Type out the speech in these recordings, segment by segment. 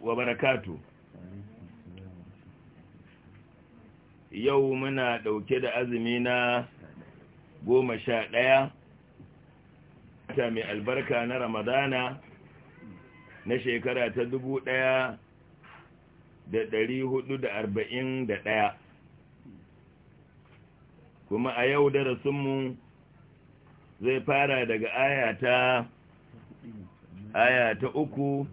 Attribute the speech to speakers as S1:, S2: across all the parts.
S1: wa barakatu yau muna ɗauke da azumi na goma sha ɗaya ta mai albarka na ramadana na shekara ta dubu ɗaya da ɗari hudu da arba'in da ɗaya kuma a yau darasinmu zai fara daga aya ta aya ta uku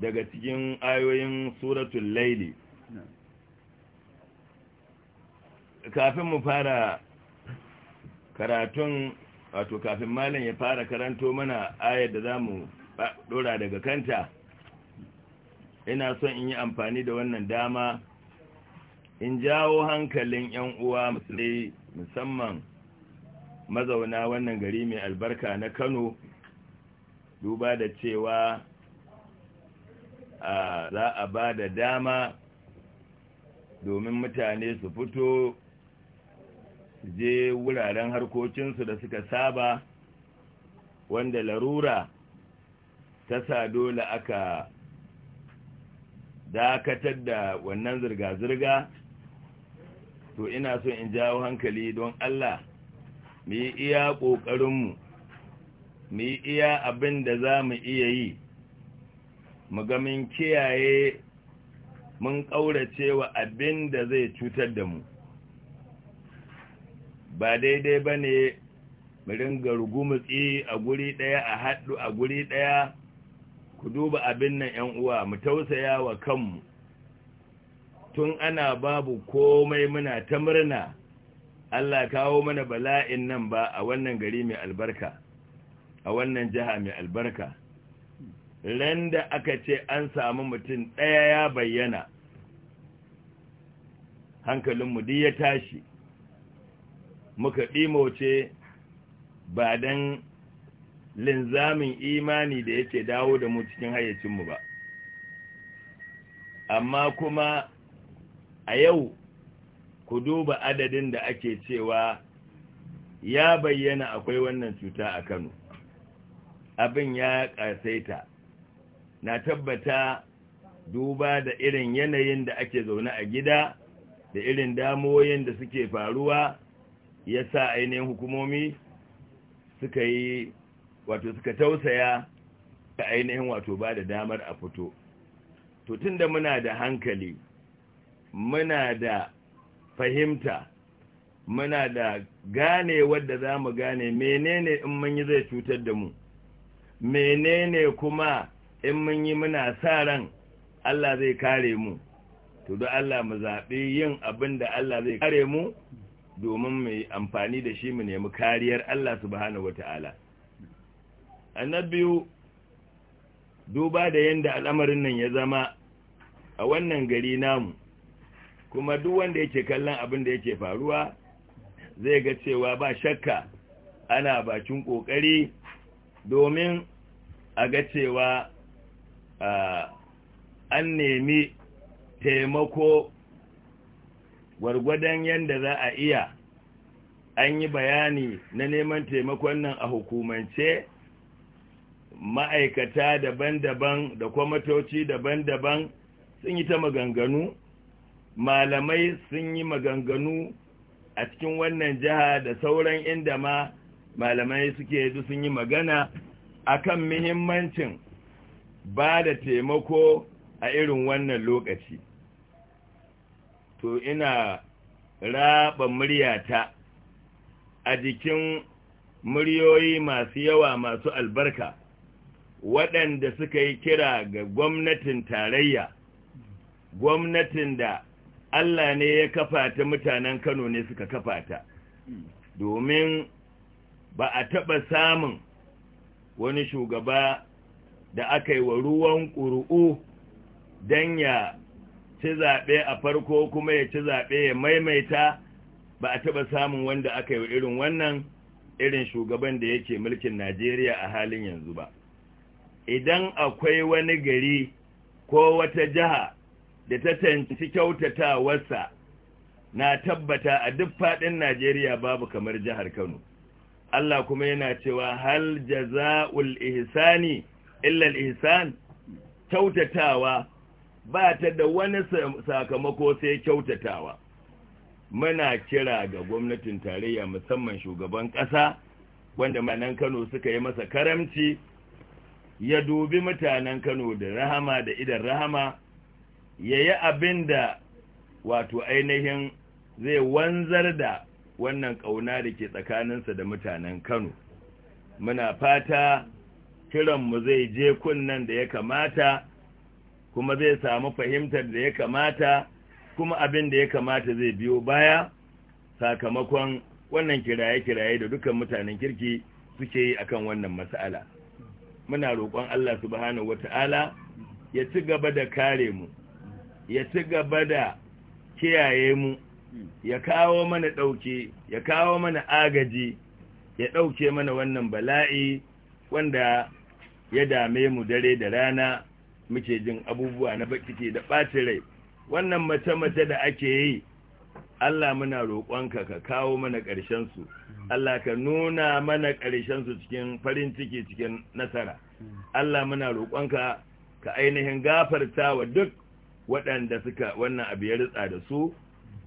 S1: daga cikin ayoyin suratun laili kafin mu fara karatun wato kafin malam ya fara karanto mana ayar da za mu dora daga kanta ina son in yi amfani da wannan dama in jawo hankalin yan uwa musulai musamman mazauna wannan gari mai albarka na Kano duba da cewa za a ba da dama domin mutane su fito je wuraren harkokinsu da suka saba wanda larura ta sa dole aka dakatar da wannan zirga-zirga to ina so in jawo hankali don Allah mu yi iya ƙoƙarinmu mu yi iya abin da za mu iya yi mugamin kiyaye mun ƙaurace wa abin da zai cutar da mu ba daidai ba ne ringa rugumutsi a guri ɗaya a haɗu a guri ɗaya ku duba abin nan ‘yan uwa mu tausaya wa kanmu tun ana babu komai muna ta murna Allah kawo mana bala'in nan ba a wannan gari mai albarka a wannan jiha mai albarka Randa aka ce an samu mutum ɗaya ya bayyana hankalinmu duk ya tashi muka ɗimoce ba don linzamin imani da yake dawo da mu cikin hayyacinmu ba amma kuma a yau ku duba adadin da ake cewa ya bayyana akwai wannan cuta a kano abin ya ƙasaita na tabbata duba da irin yanayin da ake zaune a gida da irin damoyin da suke faruwa ya sa ainihin hukumomi suka yi wato suka tausaya ta ainihin wato ba da damar a fito to tunda muna da hankali muna da fahimta muna da gane wadda za mu gane menene in mun yi zai cutar da mu menene kuma in mun yi muna sa ran Allah zai kare mu to da Allah mu zaɓi yin abin da Allah zai kare mu domin mu amfani da shi mu nemi kariyar Allah subhanahu wata'ala annabiyu duba da yadda al'amarin nan ya zama a wannan gari namu kuma duk wanda yake kallon abin da yake faruwa zai ga cewa ba shakka ana bakin ƙoƙari domin a ga cewa an nemi taimako gwargwadon yadda za a iya an yi bayani na neman taimakon nan a hukumance ma'aikata daban-daban da kwamatoci daban-daban sun yi ta maganganu malamai sun yi maganganu a cikin wannan jiha da sauran inda ma malamai suke yadda sun yi magana akan muhimmancin ba da taimako a irin wannan lokaci to ina raba muryata a jikin muryoyi masu yawa masu albarka waɗanda suka yi kira ga gwamnatin tarayya gwamnatin da Allah ne ya kafa ta mutanen Kano ne suka kafa ta domin ba a taɓa samun wani shugaba da aka yi wa ruwan ƙuru'u don ya ci zaɓe a farko kuma ya ci zaɓe ya maimaita ba a taɓa samun wanda aka yi wa irin wannan irin shugaban da yake mulkin Najeriya a halin yanzu ba. Idan akwai wani gari ko wata jiha da ta tanci kyautatawarsa na tabbata a duk faɗin Najeriya babu kamar jihar Kano. Allah kuma yana cewa hal jaza'ul ihsani illa al-ihsan kyautatawa ba ta da wani sakamako sai kyautatawa muna kira ga gwamnatin tarayya musamman shugaban ƙasa wanda manan Kano suka yi masa karamci ya dubi mutanen Kano da rahama da idan rahama ya yi abin wato ainihin zai wanzar da wannan ƙauna da ke tsakaninsa da mutanen Kano muna fata kiranmu zai je kunnan da ya kamata kuma zai samu fahimtar da ya kamata kuma abin da ya kamata zai biyo baya sakamakon wannan kiraye-kiraye da dukan mutanen kirki suke yi akan wannan mas'ala muna roƙon Allah subhanahu wata'ala ya ci gaba da kare mu ya ci gaba da kiyaye mu ya kawo mana ɗauki ya kawo mana agaji ya ɗauke mana wannan bala'i wanda ya dame mu dare da rana muke jin abubuwa na baki ke da ɓacin rai wannan mace-mace da ake yi Allah muna roƙonka ka kawo mana ƙarshensu Allah ka nuna mana ƙarshensu cikin farin ciki cikin nasara Allah muna roƙonka ka ainihin gafarta wa duk waɗanda suka wannan abu ya ritsa da su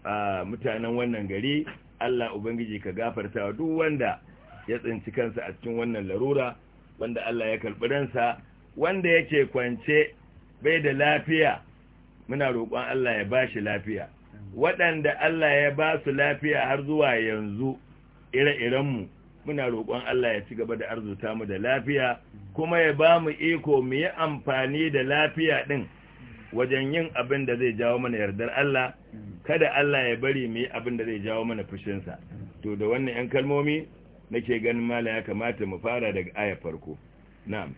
S1: a mutanen wannan gari Allah Ubangiji ka gafarta wa duk wanda ya tsinci kansa a cikin wannan larura wanda Allah ya karɓi ransa wanda yake kwance bai da lafiya muna roƙon Allah ya ba shi lafiya waɗanda Allah ya ba su lafiya har zuwa yanzu ire-irenmu muna roƙon Allah ya ci gaba da arzuta mu da lafiya kuma ya ba mu iko mu yi amfani da lafiya ɗin wajen yin abin da zai jawo mana yardar Allah kada Allah ya bari mu yi abin da zai jawo mana fushinsa to da wannan 'yan kalmomi nake ganin mala ya kamata mu fara daga aya farko na'am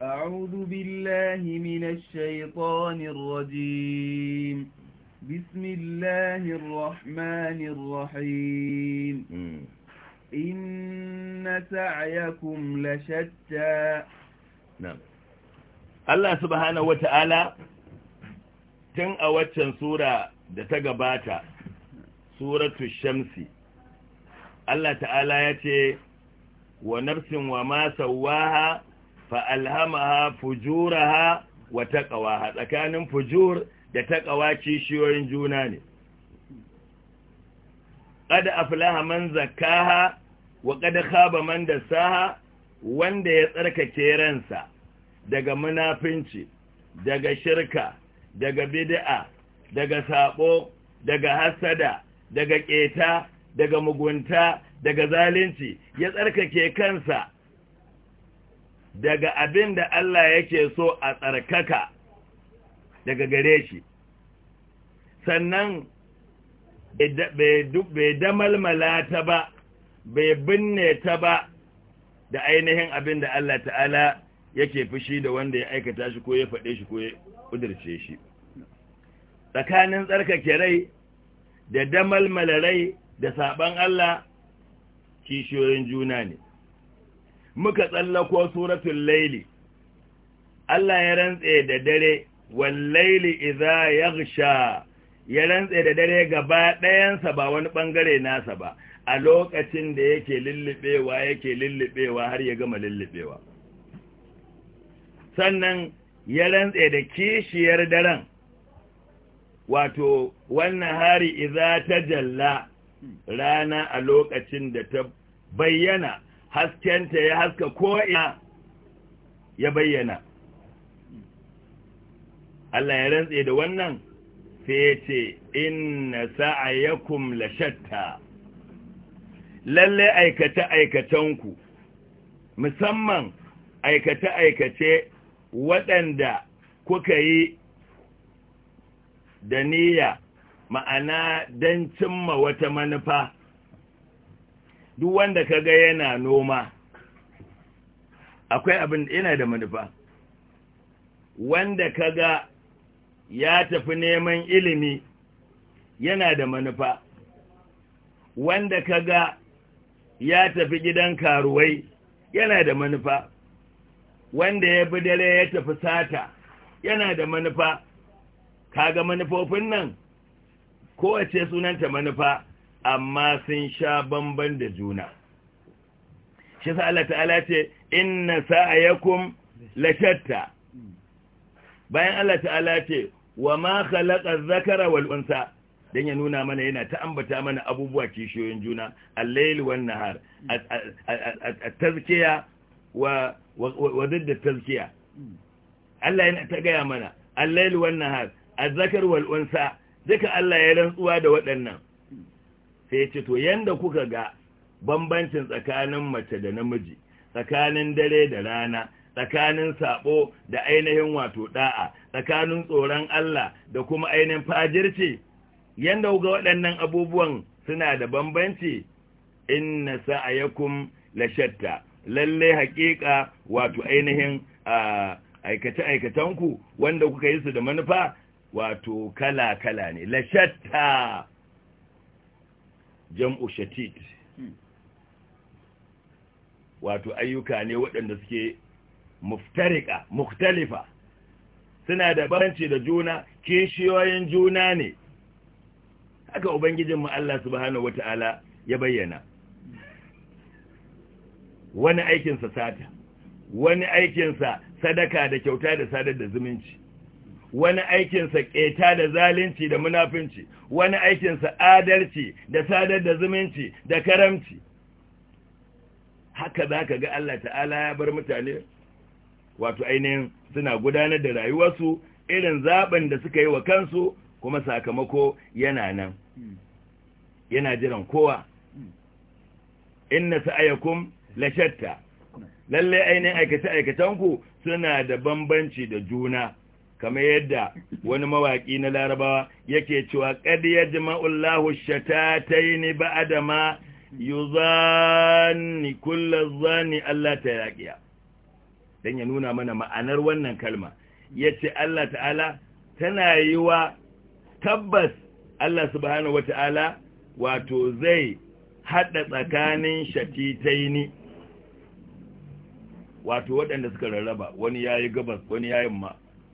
S2: a'udhu billahi minash shaitanir rajim bismillahir rahmanir rahim hmm. inna sa'yakum lashatta na'am Allah subhanahu
S1: wata'ala tun a waccan sura da ta gabata suratu shamsi Allah ta'ala ya ce wa nafsin wa ma sawaha fa alhamaha fujuraha wa taqwaha tsakanin fujur da taqwa kishiyoyin juna ne qad aflaha man zakkaha wa qad khaba man dasaha wanda ya tsarkake ransa daga munafinci daga shirka daga bid'a daga sabo daga hasada daga keta daga mugunta daga zalunci ya tsarkake kansa daga abin da Allah yake so a tsarkaka daga gare shi sannan bai damalmala ta ba bai binne ta ba da ainihin abin da Allah ta'ala yake fushi da wanda ya aikata shi ko ya faɗe shi ko ya ƙudurce shi tsakanin tsarkake rai da damalmala rai da saban Allah kishiyoyin juna ne muka tsallako suratun laili Allah ya rantse da dare wallaili Laili yaghsha ya rantse da dare gaba ɗayansa ba wani ɓangare nasa ba a lokacin da yake lullubewa yake lullubewa har ya gama lullubewa sannan ya rantse da kishiyar daren wato wannan hari iza ta jalla. rana a lokacin da ta bayyana haskenta ya haska ina ya bayyana Allah ya rantse da wannan sai ya ce inna sa'ayakum la shatta lalle aikace aikacenku musamman aikace aikace waɗanda kuka yi da niyya ma'ana don cimma wata manufa duk wanda kaga yana noma akwai abin yana da manufa wanda kaga ya tafi neman ilimi yana da manufa wanda kaga ya tafi gidan karuwai yana da manufa wanda ya bi dare ya tafi sata yana da manufa kaga manufofin nan kowace sunanta manufa amma sun sha bamban da juna shi sa Allah ta'ala ce inna ya kum bayan Allah ta'ala ce wa ma halaƙa zakara wal don ya nuna mana yana ta ambata mana abubuwa kishiyoyin juna al-layl nahar tazkiya wa tazkiya Allah yana ta gaya mana al-layl nahar zakar wal duka Allah ya rantsuwa da waɗannan sai ce to yanda kuka ga bambancin tsakanin mace da namiji tsakanin dare da rana tsakanin sabo da ainihin wato da'a tsakanin tsoron Allah da kuma ainihin fajirce yanda kuka waɗannan abubuwan suna da bambanci inna sa'ayakum la shatta lalle haƙiƙa wato ainihin aikace-aikacenku wanda kuka yi su da manufa wato kala-kala ne lashatta jam'u shatit hmm. wato ayyuka ne waɗanda suke muftarika muktalifa suna da baranci da juna kishiyoyin juna ne haka mu Allah subhanahu wata'ala ya bayyana wani aikinsa sata wani aikinsa sadaka da kyauta da sadar da zumunci wani aikinsa ƙeta da zalunci da munafinci wani aikinsa adalci da sadar da zumunci da karamci haka za ka ga Allah ta'ala ya bar mutane wato ainihin suna gudanar da rayuwarsu irin zabin da suka yi wa kansu kuma sakamako yana nan yana jiran kowa inna sa'ayakum la shatta Lallai ainihin aikace aikatanku suna da bambanci da juna kamar yadda wani mawaƙi na larabawa yake cewa ƙadi ya ji ma'ullahu shatatai ne ba adama zani kullum zani Allah ta yaƙiya don ya nuna mana ma'anar wannan kalma ya ce Allah ta'ala tana yi wa tabbas Allah subhanahu wa ta'ala wato zai haɗa tsakanin shatitai ni, wato waɗanda suka rarraba wani ya yi gabas wani ya yi ma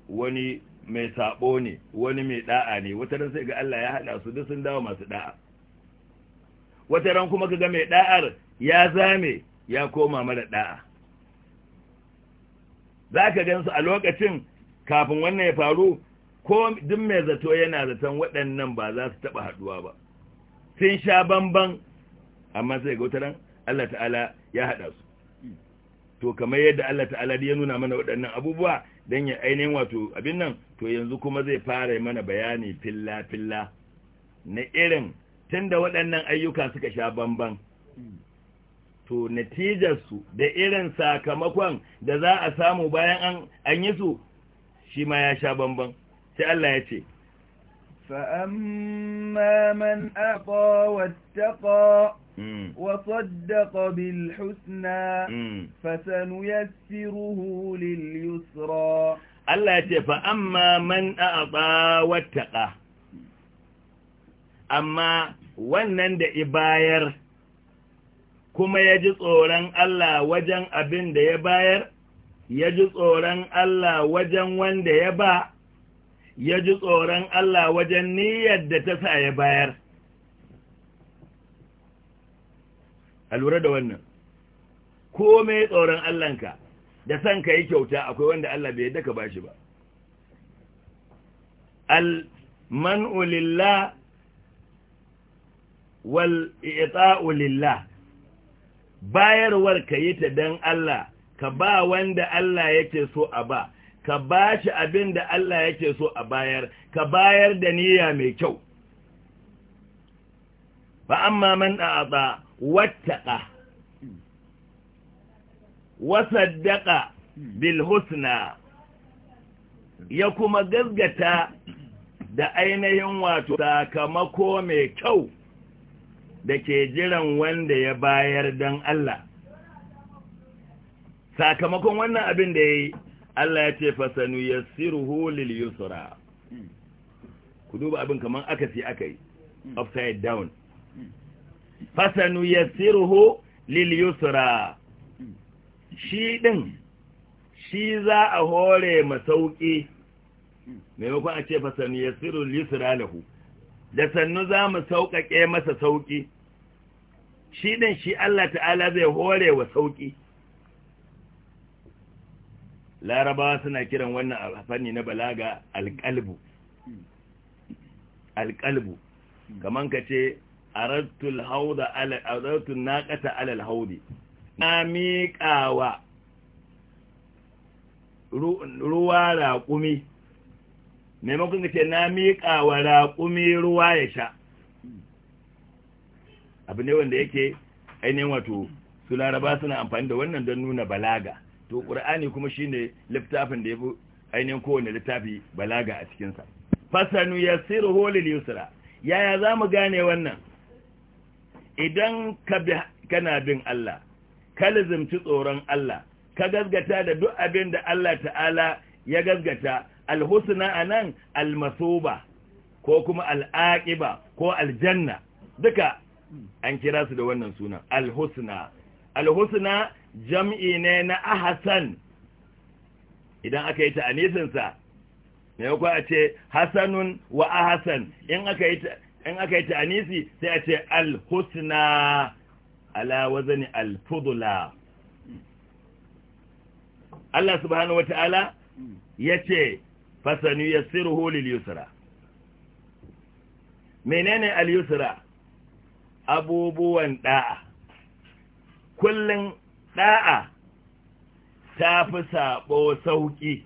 S1: wani mai sabo ne wani mai da'a ne wata ran sai ga Allah ya hada su duk sun dawo masu da'a wata ran kuma kaga mai da'ar ya zame ya koma mara da'a zaka gansu a lokacin kafin wannan ya faru ko duk mai zato yana zaton waɗannan ba za su taba haɗuwa ba sun sha bamban amma sai ga wata ran Allah ta'ala ya hada su to kamar yadda Allah ta'ala ya nuna mana waɗannan abubuwa don ya ainihin wato abin nan to yanzu kuma zai fara mana bayani filla-filla na irin tun waɗannan ayyuka suka sha bamban to natijarsu da irin sakamakon da za a samu bayan an yi su shi ma ya sha bamban sai Allah ya ce
S2: fa'amma man aqa wattaqa وصدق بالحسنى فسنيسره لليسرى Allah ce fa amma man واتقى
S1: wattaqa wannan da ibayar kuma ya ji tsoron Allah wajen abin da ya bayar ya ji tsoron Allah wajen wanda ya ba ya ji tsoron Allah wajen niyyar da ta sa ya bayar a lura da wannan mai tsoron ka da san ka yi kyauta akwai wanda Allah bai yadda ka bashi ba al man'u lillah wal i'ta'u lillah bayarwar ka yi ta dan Allah ka ba wanda Allah yake so a ba ka ba shi abin da Allah yake so a bayar ka bayar da niyya mai kyau fa amma man da'ata wattaqa wa saddaqa bil husna ya kuma gazgata da ainihin wato sakamako mai kyau da ke jiran wanda ya bayar don Allah sakamakon wannan abin da ya yi Allah ya ce fasanu ya siruhu lil yusra ku duba abin kamar aka ce aka yi upside down fasanu ya lil yusra shi din shi za a hore masauki maimakon a ce fasanu ya lil yusra lahu da sannu za mu sauƙaƙe masa sauƙi shi ɗin shi Allah ta'ala zai hore wa sauƙi larabawa suna kiran wannan fanni na balaga alƙalbu alƙalbu kamar ka ce aradtul hauda ala alal naqata ala na miƙawa ruwa raƙumi maimakon ka ce na miƙawa raƙumi ruwa ya sha abu ne wanda yake ainihin wato su laraba suna amfani da wannan don nuna balaga to ƙur'ani kuma shine littafin da ya fi ainihin kowane littafi balaga a cikinsa fasanu ya siru holil yusra yaya za mu gane wannan idan kana bin Allah ka lizimci tsoron Allah ka gazgata da duk abin da Allah ta'ala ya gazgata alhusna anan almasuba ko kuma al'aqiba ko aljanna duka an kira su da wannan sunan alhusna alhusna jam'i ne na ahsan idan aka yi ta ne maimakon a ce hasanun wa ahasan in aka yi in aka yi ta'anisi sai a ce al-husna ala wazani al-fudula Allah subhanahu wata'ala ya ce fasanu ya siru lil yusra menene al-yusra abubuwan da'a kullum da'a ta fi sabo sauki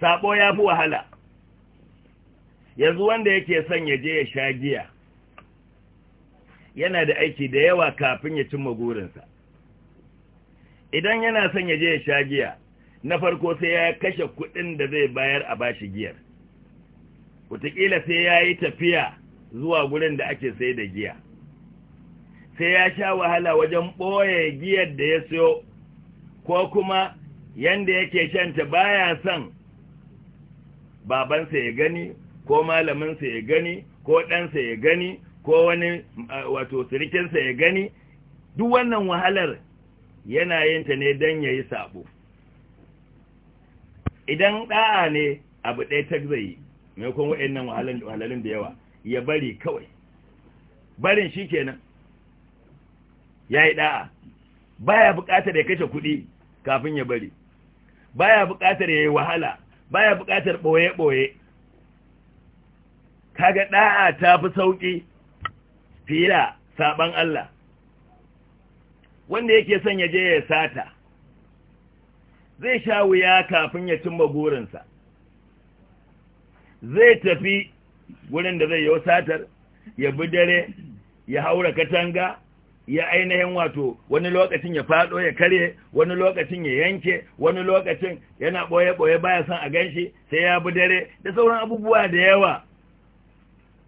S1: sabo ya fi wahala yanzu wanda yake son ya je ya sha giya yana da aiki da yawa kafin ya cimma gurinsa idan yana son ya je ya sha giya na farko sai ya kashe kuɗin da zai bayar a bashi giyar wataƙila sai ya yi tafiya zuwa gurin da ake sai da giya sai ya sha wahala wajen ɓoye giyar da ya siyo ko kuma yanda yake shanta baya son babansa ya gani ko malaminsa ya gani ko ɗansa ya gani ko wani wato sirikinsa ya gani duk wannan wahalar yana yinta ne don ya yi sabo idan ɗa'a ne abu ɗaya ta zai yi mai kuma waɗannan wahalalin da yawa ya bari kawai barin shi kenan ya yi ɗa'a baya buƙatar ya kashe kuɗi kafin ya bari baya buƙatar ya yi wahala baya buƙatar ɓoye-ɓoye kaga ɗa'a ta fi sauki fiye saban Allah wanda yake son ya je ya sata zai sha wuya kafin ya cimma burinsa zai tafi wurin da zai yi satar ya bi dare ya haura katanga ya ainihin wato wani lokacin ya fado ya karye wani lokacin ya yanke wani lokacin yana boye-boye baya son a ganshi sai ya bi dare da sauran abubuwa da yawa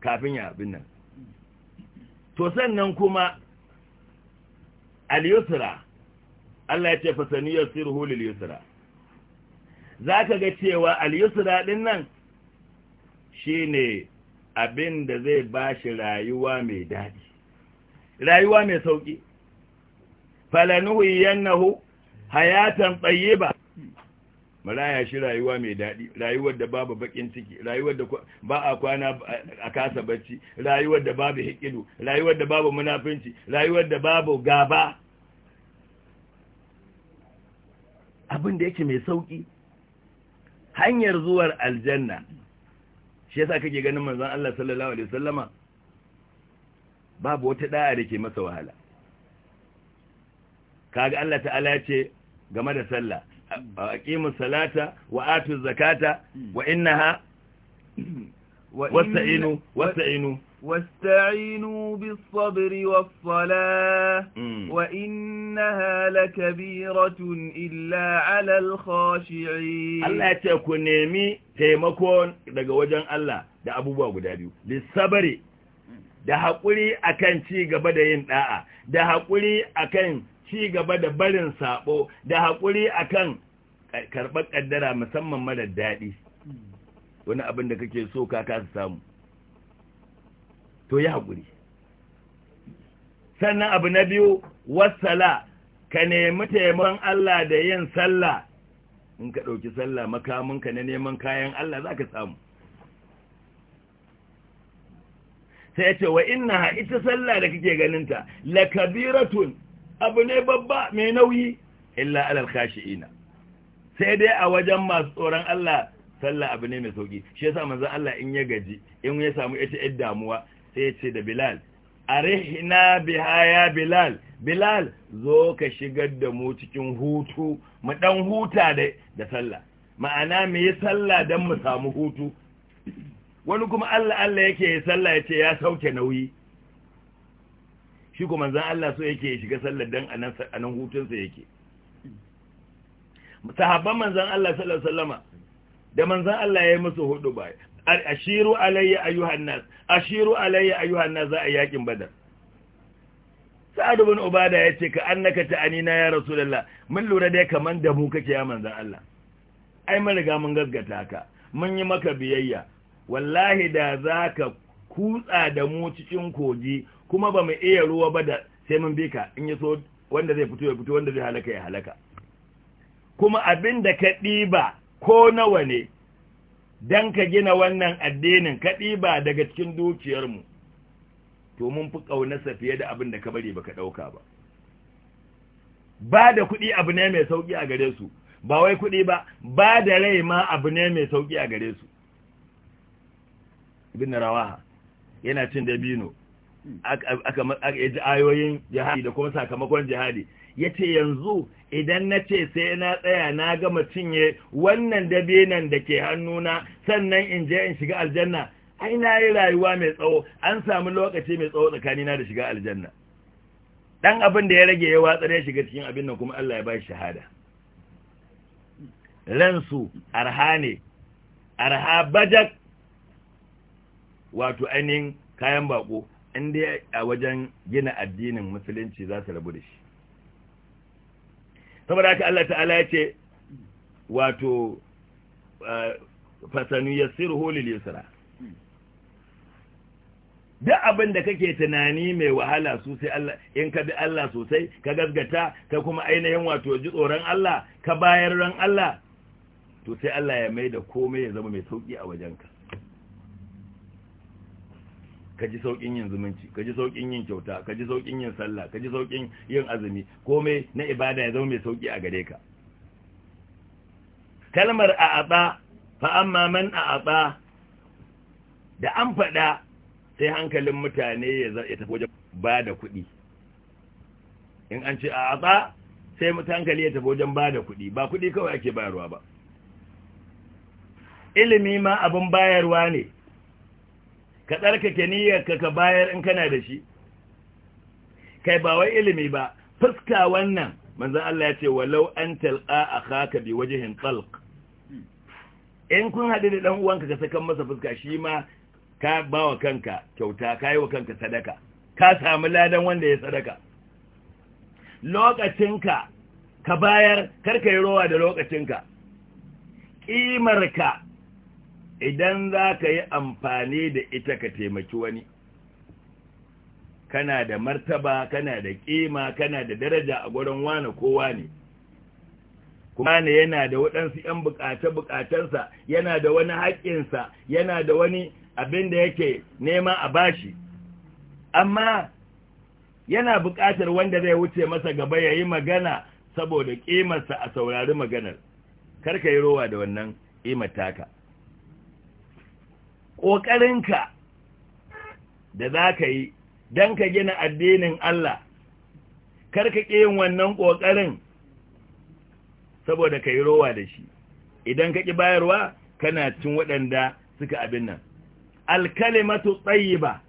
S1: kafin ya abin nan to sannan kuma al-yusra Allah ya ce fasaniyar sirhu lil yusra zaka ga cewa al-yusra din nan shine abin da zai ba shi rayuwa mai daɗi, rayuwa mai sauƙi. falanuhu yannahu hayatan tayyiba maraya shi rayuwa mai daɗi rayuwar da babu bakin ciki rayuwar da ba a kwana a kasa bacci rayuwar da babu hikidu rayuwar da babu munafinci rayuwar da babu gaba abin da yake mai sauki hanyar zuwar aljanna shi yasa kake ganin manzon Allah sallallahu alaihi wasallama babu wata da'a da ke masa wahala kaga Allah ta'ala ya ce game da sallah aqimu salata wa atu zakata wa innaha
S2: wasta'inu wasta'inu واستعينوا بالصبر والصلاة وإنها لكبيرة إلا على Allah الله
S1: ku nemi تيمكون daga wajen Allah da abubuwa guda biyu bisabari da haƙuri akan ci gaba da yin da'a da haƙuri akan ci gaba da barin sabo da haƙuri akan karɓar ƙaddara musamman mara daɗi wani abin da kake so ka kasa samu to yi haƙuri sannan abu na biyu wassala ka nemi taimakon Allah da yin sallah in ka ɗauki sallah makaminka na neman kayan Allah za ka samu sai ce wa inna ita sallah da kake ganinta la kabiratun abu ne babba mai nauyi illa alal khashi'ina sai dai a wajen masu tsoron Allah sallah abu ne mai sauki shi yasa manzon Allah in ya gaji in ya samu ita damuwa sai ya ce da Bilal arihna biha ya Bilal Bilal zo ka shigar da mu cikin hutu mu dan huta da da sallah ma'ana mu yi sallah dan mu samu hutu wani kuma Allah Allah yake yi sallah yace ya sauke nauyi shi ko manzan Allah so yake ya shiga sallar dan a nan hutunsa yake sahabban manzan Allah sallallahu alaihi wasallama da manzan Allah ya yi musu hudu ba ashiru alayya ayyuhan nas ashiru alayya a nas za a yakin badar sa'ad ibn ubada yace ka annaka ta'anina ya rasulullah mun lura dai kaman da mu kake ya manzan Allah ai mun riga mun gaggata ka mun yi maka biyayya wallahi da zaka kutsa da mu cikin kogi kuma ba mu iya ruwa ba da sai mun bika in ya so wanda zai fito ya fito wanda zai halaka ya halaka kuma abin da ka ɗiba ko nawa ne don ka gina wannan addinin ka ɗiba daga cikin dukiyarmu to mun fi ƙaunarsa fiye da abin da ka bari ba ka ɗauka ba ba da kuɗi abu ne mai sauƙi a gare su ba wai kuɗi ba ba da rai ma abu ne mai sauƙi a gare su ibn rawaha yana cin dabino ayoyin jihadi da kuma sakamakon jihadi ya ce yanzu idan na ce sai na tsaya na gama cinye wannan dabinan da ke hannuna sannan in je in shiga aljanna ai na yi rayuwa mai tsawo an samu lokaci mai tsawo tsakanina da shiga aljanna dan abin da ya rage ya watsar ya shiga cikin abin nan kuma Allah ya ba shahada ransu arha ne arha bajak wato ainihin kayan bako in a wajen gina addinin musulunci za su rabu da shi saboda haka Allah ta'ala ya ce wato fasanu yassiruhu lil yusra duk abin da kake tunani mai wahala sosai Allah in ka bi Allah sosai ka gasgata ka kuma ainihin wato ji tsoron Allah ka bayar ran Allah to sai Allah ya mai da komai ya zama mai sauki a wajenka ka ji saukin yin zumunci ka ji saukin yin kyauta ka ji saukin yin sallah ka ji saukin yin azumi komai na ibada ya zama mai sauki a gare ka kalmar a'aba fa amma man a'aba da an faɗa sai hankalin mutane ya tafi wajen ba da kuɗi in an ce a'aba sai hankali ya tafi wajen ba da kuɗi ba kuɗi kawai ake bayarwa ba ilimi ma abin bayarwa ne ka tsarkake niyyarka ka bayar in kana da shi kai ba wai ilimi ba fuska wannan manzon Allah ya ce walau an talqa akhaka bi wajhin talq in kun haɗu da ɗan uwanka ka saka masa fuska shi ma ka ba kanka kyauta ka yi wa kanka sadaka ka samu ladan wanda ya sadaka lokacinka ka bayar karka yi rowa da lokacinka ka. idan za ka yi amfani da ita ka taimaki wani kana da martaba kana da ƙima kana da daraja a gurin wane kowa ne kuma ne yana da waɗansu 'yan buƙace-buƙacensa yana da wani haƙƙinsa yana da wani abin da yake nema a bashi amma yana buƙatar wanda zai wuce masa gaba ya yi magana saboda ƙimarsa a saurari maganar karka yi rowa da wannan ƙimar taka ƙoƙarinka da za ka yi don ka gina addinin Allah karka ƙi yin wannan ƙoƙarin saboda ka yi rowa da shi idan ka ƙi bayarwa kana cin waɗanda suka abin nan Alkali alkalimatu tsayiba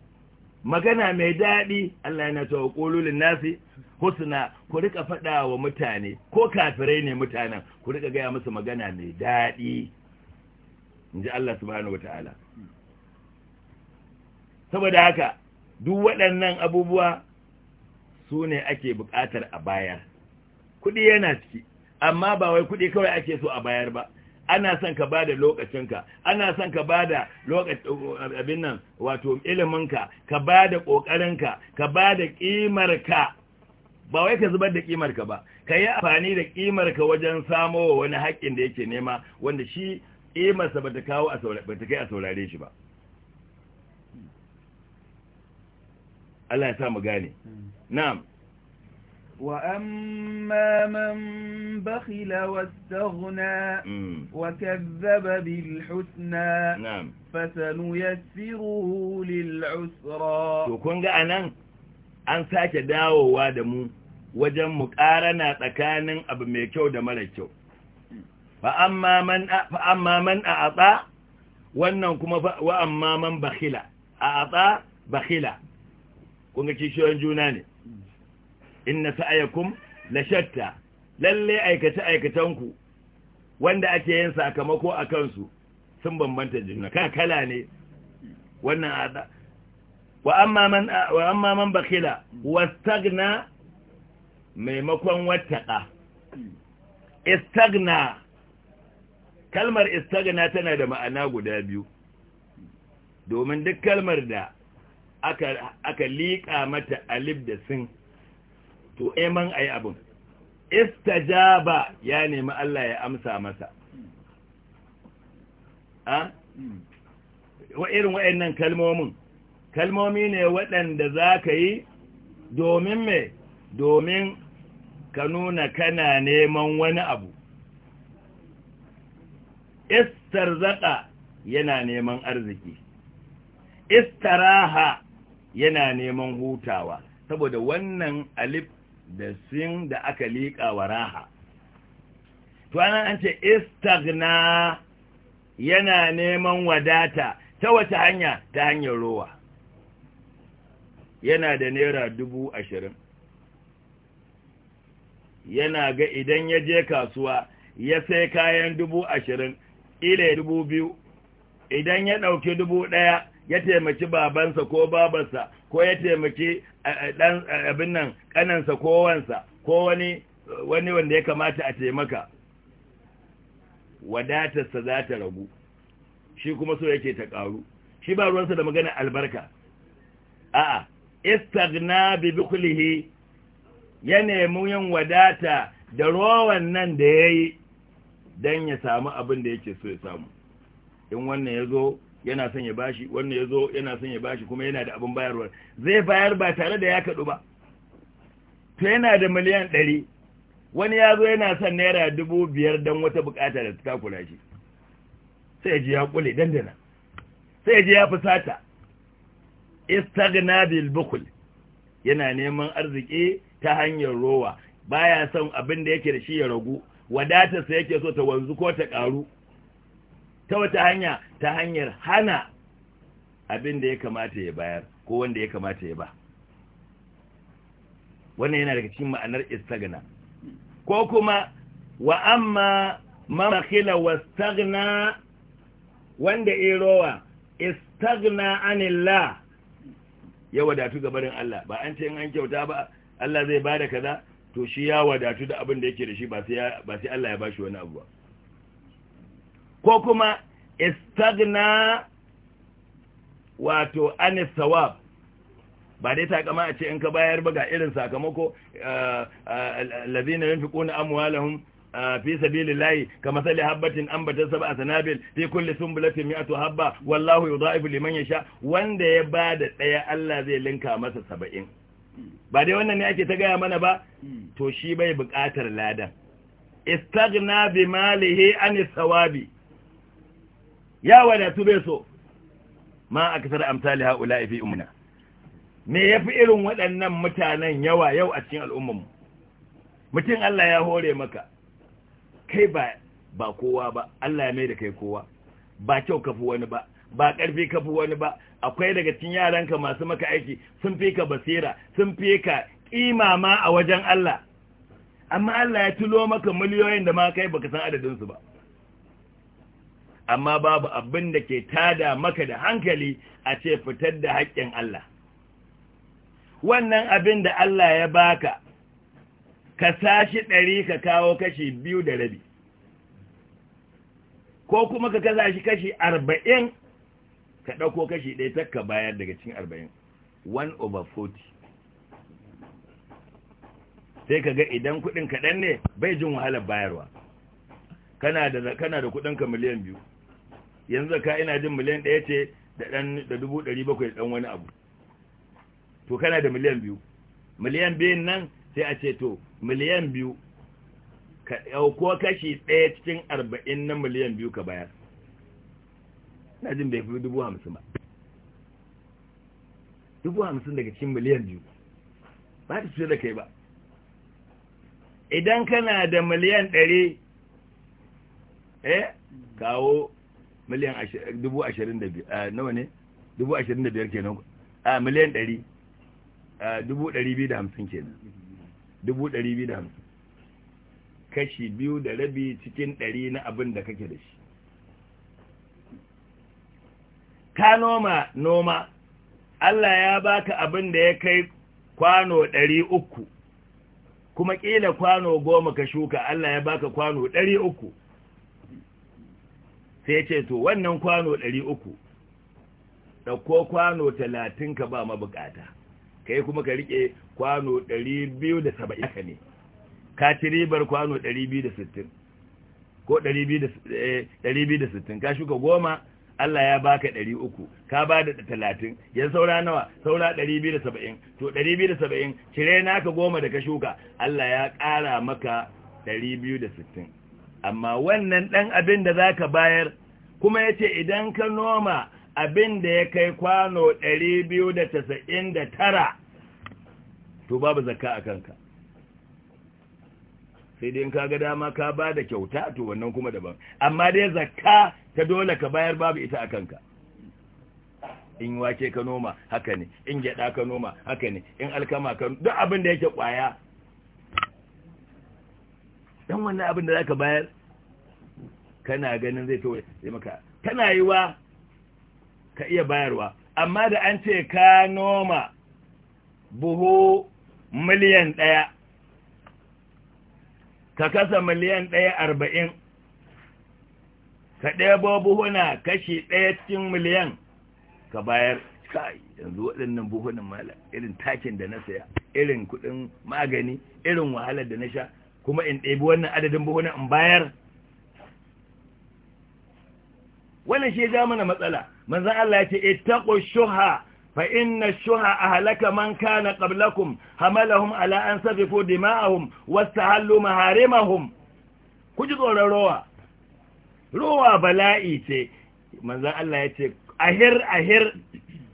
S1: magana mai daɗi Allah yana cewa ƙolulin nasi husna ku rika faɗa wa mutane ko kafirai ne mutanen ku rika gaya musu magana mai daɗi in ji Allah subhanahu wa ta'ala saboda haka duk waɗannan abubuwa su ne ake buƙatar a bayar kuɗi yana ciki amma ba wai kuɗi kawai ake so a bayar ba ana son ka ba da lokacinka ana son ka ba da abin nan wato iliminka ka ba da ƙoƙarinka ka ba da ƙimarka ba wai ka zubar da ƙimarka ba ka yi amfani da ƙimarka wajen samo wani haƙƙin da yake nema wanda shi ƙimarsa ba ta kai a saurare shi ba Allah ya sa mu gane na'am
S2: وأما من بخل واستغنى وكذب بالحسنى نعم فسنيسره للعسرى to
S1: kun ga anan an sake dawowa da mu wajen muƙarana tsakanin abu mai kyau da mara kyau fa amma man fa wannan kuma wa amma man bakhila bakhila kunga kishiyoyin juna ne inna sa'ayakum la shatta lalle aikace aikatanku wanda ake yin sakamako a kansu sun bambanta juna ka kala ne wannan ada wa amma man wa amma man bakhila wastagna maimakon wattaqa istagna kalmar istagna tana da ma'ana guda biyu domin duk kalmar da aka liƙa mata alif da sin to eman eh, ayi abin istajaba ya nemi Allah ya amsa masa a wa irin wa'annan kalmomin kalmomi ne waɗanda za ka yi domin me domin ka nuna kana neman wani abu istarzaka yana neman arziki istaraha yana neman hutawa saboda wannan alif da sin da aka liƙa wa raha to an ce istagna yana neman wadata ta wata hanya ta hanyar rowa yana da naira dubu ashirin yana ga idan ya je kasuwa ya sai kayan dubu ashirin ile dubu biyu idan ya ɗauki dubu ɗaya ya taimaki babansa ko babansa ko ya taimaki eh, eh, eh, abin nan kanansa ko wansa ko wani wanda ya kamata a taimaka wadatarsa za ta ragu shi kuma so yake ta ƙaru shi ba ruwansa da magana albarka a'a istagna bi bikulihi ya nemi yin wadata da rawan nan da ya yi don ya samu abin da yake so ya samu in wannan ya zo yana son ya bashi wannan ya zo yana son ya bashi kuma yana da abin bayarwa zai bayar ba tare da ya kaɗu ba to yana da miliyan ɗari wani ya zo yana son naira dubu biyar don wata bukata da ta kula shi sai ya ji ya kule dandana sai ya ji ya fusata istagnabil bukul yana neman arziki ta hanyar rowa baya son abin da yake da shi ya ragu wadatarsa yake so ta wanzu ko ta ƙaru ta wata hanya ta hanyar hana abin da ya kamata ya bayar ko wanda ya kamata ya ba wannan yana daga cikin ma'anar istagna ko kuma wa amma mamakila wastagna wanda irowa istagna anillah ya wadatu gabarin Allah ba an ce in an kyauta ba Allah zai bada kaza to shi ya wadatu da abin da yake da shi ba sai Allah ya bashi wani abu ba ko kuma istagna wato anis sawab ba dai takama a ce in ka bayar ba ga irin sakamako eh, eh, lazina yunfiquna amwalahum eh, fi sabilillahi kama sali habbatin ambatan sab'a sanabil fi kulli sunbulatin mi'atu habba wallahu yudha'ifu liman yasha wanda ya bada daya Allah zai linka masa 70 ba dai wannan ne ake ta gaya mana ba to shi bai buƙatar ladan istagna bi malihi anis sawabi ya wadatu bai so ma a kasar amsali ha'ula fi umuna me ya fi irin waɗannan mutanen yawa yau a cikin al'ummanmu mutum Allah ya hore maka kai ba ba kowa ba Allah ya mai da kai kowa ba kyau kafi wani ba ba ƙarfi kafi wani ba akwai daga cikin yaranka masu maka aiki sun fi ka basira sun fi ka kima a wajen Allah amma Allah ya tulo maka miliyoyin da ma kai baka san adadinsu ba amma babu abin da ke tada maka da hankali a ce fitar da haƙƙin Allah wannan abin da Allah ya baka ka sashi ɗari ka kawo kashi biyu da rabi ko kuma ka kasa shi kashi arba'in ka ɗauko kashi ɗaya takka bayar daga cikin arba'in one over forty sai ka ga idan kuɗin kaɗan ne bai jin wahalar bayarwa kana da kuɗinka miliyan biyu yanzu ka ina jin miliyan ɗaya ce da ɗan da dubu ɗari bakwai ɗan wani abu to kana da miliyan biyu miliyan biyun nan sai a ce to miliyan biyu ka ɗauko kashi ɗaya cikin arba'in na miliyan biyu ka bayar na jin bai fi dubu hamsin ba dubu hamsin daga cikin miliyan biyu ba ta cuta da kai ba idan kana da miliyan ɗari eh kawo miliyan dubu ashirin da biyar eh, nawa ne dubu ashirin da biyar kenan a eh, miliyan ɗari eh, dubu ɗari biyu da hamsin kenan dubu ɗari biyu da hamsin kashi biyu da rabi cikin ɗari na abin da kake da shi ka noma noma Allah ya baka abin da ya kai kwano ɗari uku kuma ƙila kwano goma ka shuka Allah ya baka kwano ɗari uku sai ce to wannan kwano ɗari uku ɗauko kwano talatin ka ba mabukata kai kuma ka riƙe kwano ɗari biyu da saba'in haka ne ka ci ribar kwano ɗari biyu da sittin ko ɗari biyu da eh, sittin ka shuka goma Allah ya baka ɗari uku ka ba da talatin ya saura nawa saura ɗari biyu da saba'in to ɗari biyu da saba'in cire naka goma da ka shuka Allah ya ƙara maka ɗari biyu da sittin amma wannan ɗan abin da za ka bayar kuma ya ce idan ka noma abin da ya kai kwano ɗari biyu da tasa'in da tara to babu zakka a kanka sai dai ka ga dama ka ba da kyauta to wannan kuma daban amma dai zakka ta dole ka bayar babu ita a kanka in wake ka noma haka ne in gyada ka noma haka ne in alkama ka duk abin da yake kwaya dan wannan abin da zaka bayar kana ganin zai to sai maka kana yi wa ka iya bayarwa amma da an ce ka noma buhu miliyan ɗaya ka kasa miliyan ɗaya arba'in ka ɗebo buhuna kashi ɗaya cikin miliyan ka bayar kai yanzu waɗannan buhunan mala irin takin da na saya irin kuɗin magani irin wahalar da na sha kuma in ɗebi wannan adadin buhunan in bayar wannan shi ya mana matsala manzan Allah ya ce ittaqu shuha fa inna shuha ahlaka man kana qablakum hamalahum ala an safiku dima'ahum wastahallu maharimahum ku ji tsoron rowa rowa bala'i ce manzan Allah ya ce ahir ahir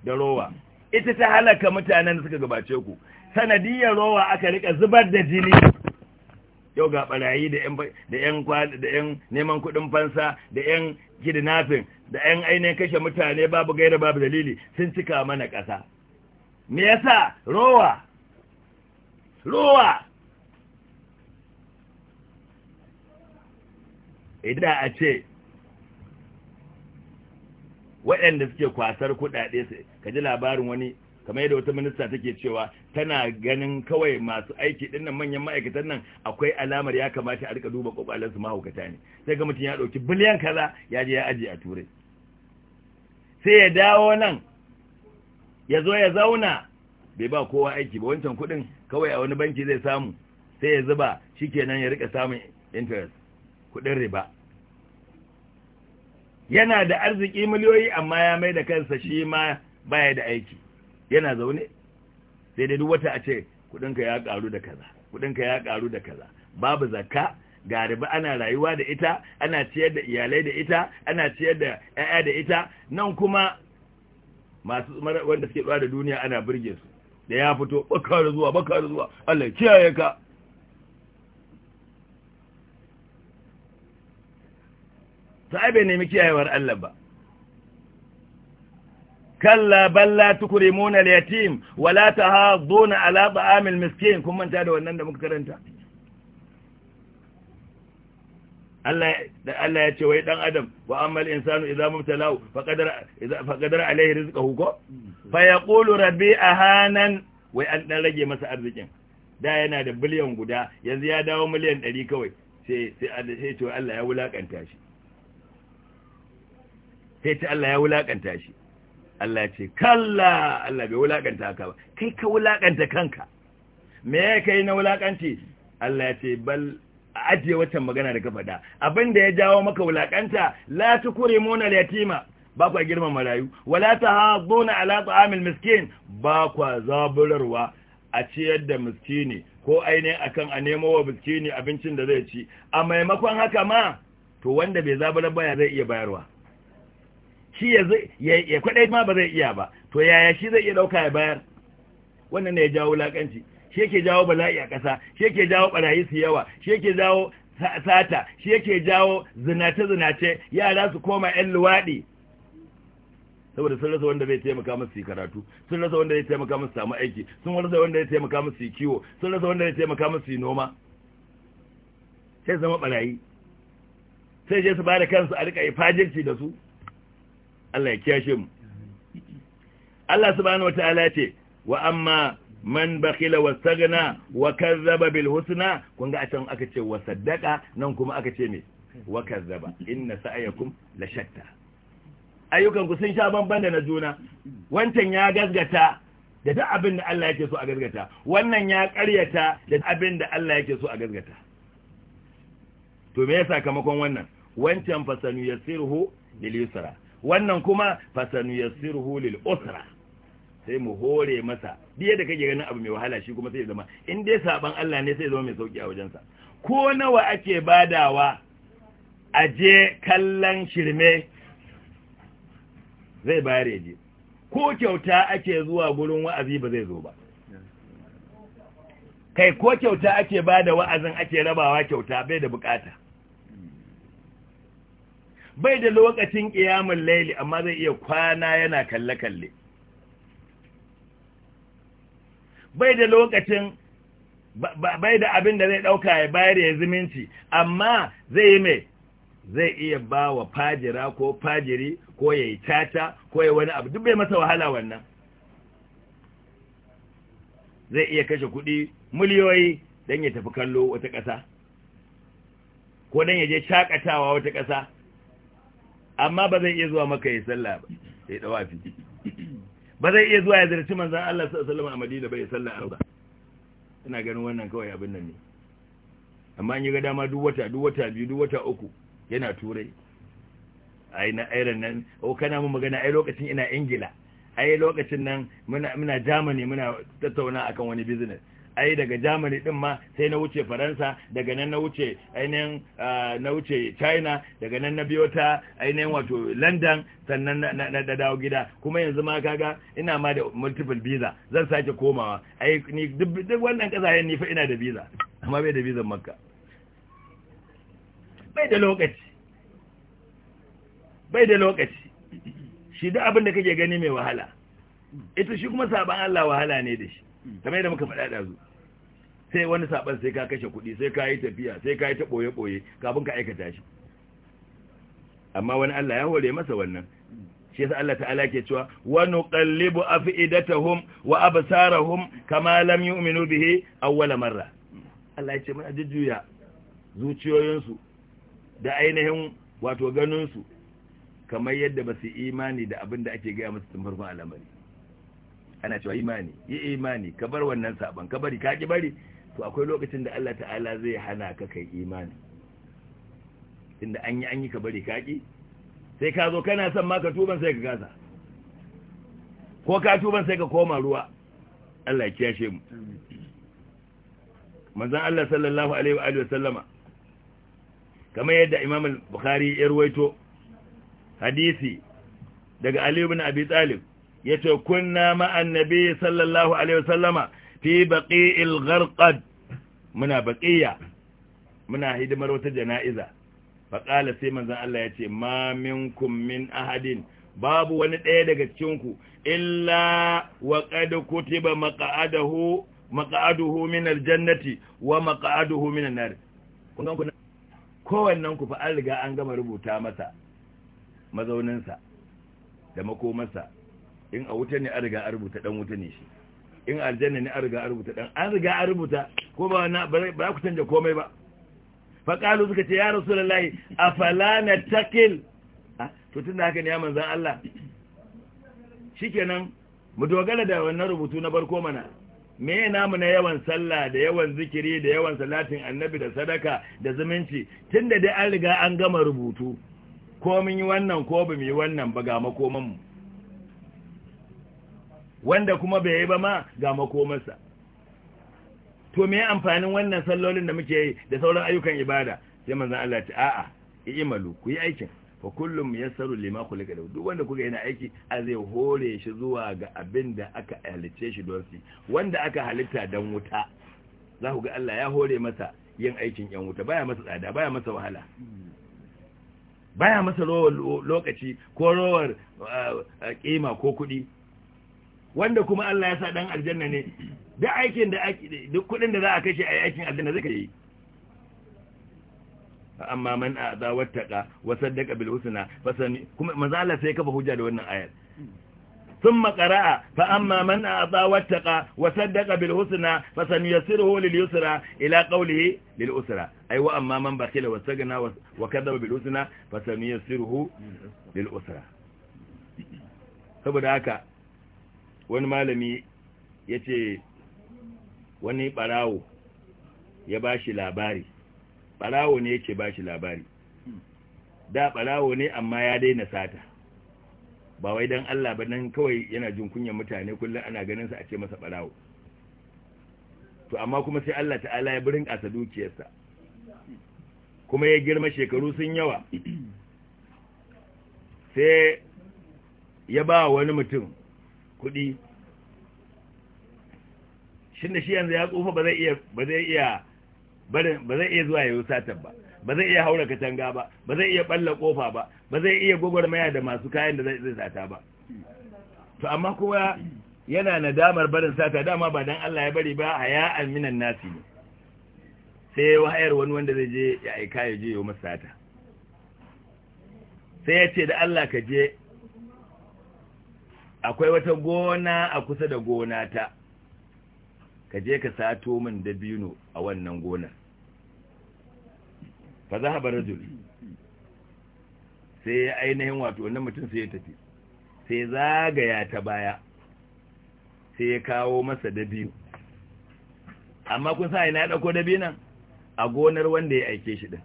S1: da rowa ita ta halaka mutanen da suka gabace ku sanadiyar rowa aka rika zubar da jini yau ga barayi da yan neman kuɗin fansa da yan kidnapping da yan ainihin kashe mutane babu gaira babu dalili sun cika mana ƙasa me yasa rowa rowa Ida a ce waɗanda suke kwasar kuɗaɗe su ka ji labarin wani kamar yadda wata minista take cewa tana ganin kawai masu aiki din nan manyan ma'aikatan nan akwai alamar ya kamata a rika duba su mahaukata ne sai ga mutum ya dauki biliyan kaza ya je ya aje a turai sai ya dawo nan ya zo ya zauna bai ba kowa aiki ba wancan kudin kawai a wani banki zai samu sai ya zuba shikenan ya rika samun interest kudin riba yana da arziki miliyoyi amma ya mai da kansa shi ma baya da aiki yana zaune sai dai duk wata a ce kudinka ya karu da kaza kudinka ya karu da kaza babu zakka ga riba ana rayuwa da ita ana ciyar da iyalai da ita ana ciyar da ƴaƴa da ita nan kuma masu wanda suke da duniya ana burge su da ya fito bakar zuwa bakar zuwa Allah kiyaye ka sai bai nemi kiyayewar Allah ba kalla balla tukrimuna al-yatim wala tahadduna ala al miskin kun manta da wannan da muka karanta Allah Allah ya ce wai dan adam wa amal insanu idza mubtalahu faqadara faqadara alayhi rizquhu ko fa yaqulu rabbi ahanan wai an dan rage masa arzikin da yana da biliyan guda yanzu ya dawo miliyan 100 kawai sai sai sai to Allah ya wulakanta shi sai ta Allah ya wulakanta shi Allah ce kalla Allah bai wulaƙanta ka ba kai ka wulaƙanta kanka me ya kai na wulakanci Allah ce bal ajiye waccan magana da ka faɗa abin da ya jawo maka wulaƙanta, la Mona da yatima ba kwa girma marayu wala tahaduna ala amil miskin ba kwa zaburarwa a ciyar da miskini ko ainihin akan a nemo wa miskini abincin da zai ci a maimakon haka ma to wanda bai zaburar baya zai iya bayarwa shi ya kwaɗai ma ba zai iya ba to yaya shi zai iya ɗauka ya bayar wannan ne ya jawo lakanci. shi yake jawo bala'i a ƙasa shi yake jawo ɓarayi su yawa shi yake jawo sata shi yake jawo zinace-zinace yara su koma 'yan luwaɗi saboda sun rasa wanda zai taimaka musu yi karatu sun rasa wanda zai taimaka musu samu aiki sun rasa wanda zai taimaka musu yi kiwo sun rasa wanda zai taimaka musu yi noma sai zama barayi sai je su bada kansu a rika fajirci da su Allah ya kiyashe mu Allah subhanahu wataala ce wa amma man bakila wastaghna wa kazzaba bil husna kun ga a can aka ce wa saddaqa nan kuma aka ce me wa kazzaba inna sa'ayakum la shatta ayyukan ku sun sha banban da na juna wancan ya gazgata da duk abin da Allah yake so a gazgata. wannan ya karyata da abin da Allah yake so a gazgata. to me ya sakamakon wannan wancan fasanu yasiruhu lil yusra wannan kuma fasanu yassiruhu lil usra sai mu hore masa biye da kake ganin abu mai wahala shi kuma sai zama in dai saban Allah ne sai zama mai sauki a wajensa ko nawa ake badawa aje kallon shirme zai bare ya je ko kyauta ake zuwa gurin wa'azi ba zai zo ba kai ko kyauta ake bada wa'azin ake rabawa kyauta bai da bukata bai da lokacin ƙiyamun laili amma zai iya kwana yana kalle-kalle bai da lokacin bai da abin da zai ɗauka ya bayar ya zumunci amma zai yi mai zai iya ba wa fajira ko fajiri ko ya yi tata ko ya wani abu duk bai masa wahala wannan zai iya kashe kuɗi miliyoyi don ya tafi kallo wata ƙasa ko don ya je shakatawa wata ƙasa amma ba zai iya zuwa maka ya sallah ba ya dawa ba zai iya zuwa ya zarci manzon Allah sallallahu alaihi wasallam a Madina ba ya sallah arba ina ganin wannan kawai abin nan ne amma an yi ga dama duk wata duk wata biyu duk wata uku yana turai ai na irin nan o kana mu magana ai lokacin ina Ingila ai lokacin nan muna muna Germany muna tattauna akan wani business ai daga germany din ma sai na wuce faransa daga nan na wuce ainihin ah, na wuce china daga nan na biyo ta ainihin wato london sannan na da dawo gida kuma yanzu ma kaga ina ma da multiple visa zan sake komawa ai ni duk wannan kasayen ni fa ina da visa amma bai da visa makka bai da lokaci bai da lokaci shi duk abin da kake gani mai wahala ita shi kuma saban Allah wahala ne da shi kamar yadda muka faɗa ɗazu sai wani saban sai ka kashe kuɗi sai ka yi tafiya sai ka yi ta ɓoye-ɓoye kafin ka aikata shi amma wani Allah ya hore masa wannan shi yasa Allah ta'ala ke cewa wa nuqallibu af'idatahum wa absarahum kama lam yu'minu bihi awwal marra Allah ya ce muna jujjuya zuciyoyinsu da ainihin wato ganinsu kamar yadda ba su imani da abin da ake gaya musu tun farkon al'amari ana cewa imani yi imani ka bar wannan sabon ka bari ka ki bari to akwai lokacin da Allah ta'ala zai hana ka kai imani inda an yi an yi ka bari ka ki sai ka zo kana son ma ka tuban sai ka gaza ko ka tuban sai ka koma ruwa Allah ya kiyashe mu manzon Allah sallallahu alaihi wa alihi wa sallama kamar yadda Imam al-Bukhari ya ruwaito hadisi daga Ali ibn Abi Talib yace kunna ma'an nabi sallallahu alaihi wasallama fi baƙi gharqad muna baqiya muna hidimar wata jana'iza faƙala sai manzan Allah ya ce ma minkum min ahadin babu wani ɗaya daga cikinku illa wa qad kutiba maq'adahu maq'aduhu min jannati wa maq'aduhu min an-nar ku fa an riga an gama rubuta masa mazauninsa da makomarsa in a wuta ne a riga an rubuta dan wuta ne shi in aljanna ne a riga an rubuta dan an riga an rubuta ko ba na ba ku canja komai ba fa qalu suka ce ya rasulullahi afala natakil ah, to tunda haka ne ya manzon Allah shikenan mu dogara da wannan rubutu na barko mana me namu na yawan sallah da yawan zikiri da yawan salatin annabi da sadaka da zumunci tunda dai an riga an gama rubutu ko mun yi wannan ko ba mu yi wannan ba ga makomanmu? mu wanda kuma bai yi ba ma ga makomarsa to me amfanin wannan sallolin da muke yi da sauran ayyukan ibada sai manzon Allah ta a'a i'imalu, ku yi aikin fa kullum yassaru lima khuliqa lahu duk wanda kuka na aiki a zai hore shi zuwa ga abin da aka halice shi don shi wanda aka halitta dan wuta za ku ga Allah ya hore masa yin aikin yan wuta baya masa tsada baya masa wahala baya masa rawar lokaci ko rawar uh, uh, kima ko kuɗi wanda kuma Allah ya sa dan aljanna ne duk aikin da duk kudin da za a kashe a aikin aljanna zai kai amma man a'za wattaqa wa saddaqa bil husna fasani kuma mazala sai hujja da wannan ayar saboda haka wani malami ya ce wani barawo ya ba shi labari barawo ne yake ba shi labari da barawo ne amma ya daina sata ba wai don Allah ba nan kawai yana jin kunyan mutane kullum ana ganin sa a ce masa barawo to amma kuma sai Allah ta'ala ya birin ƙasa dukiyarsa kuma ya girma shekaru sun yawa sai ya ba wani mutum kuɗi shin da shi yanzu ya tsufa ba zai iya ba zai iya barin ba zuwa satan ba ba zai iya haura katanga ba ba zai iya balla kofa ba ba zai iya gwagwarmaya da masu kayan da zai sata ba to amma kuma yana nadamar barin sata dama ba dan Allah ya bari ba haya'an minan nasi ne sai ya wahayar wani wanda zai je ya aika ya je yau masu sata sai ya ce da Allah ka je akwai wata gona a kusa da gona ta ka je ka sato min dabino a wannan gonar fa zahaba rajul sai ya ainihin wato wannan mutum sai ya tafi sai zagaya ta baya sai ya kawo masa dabino amma kun sa ina dauko dabinan a gonar wanda ya aike shi din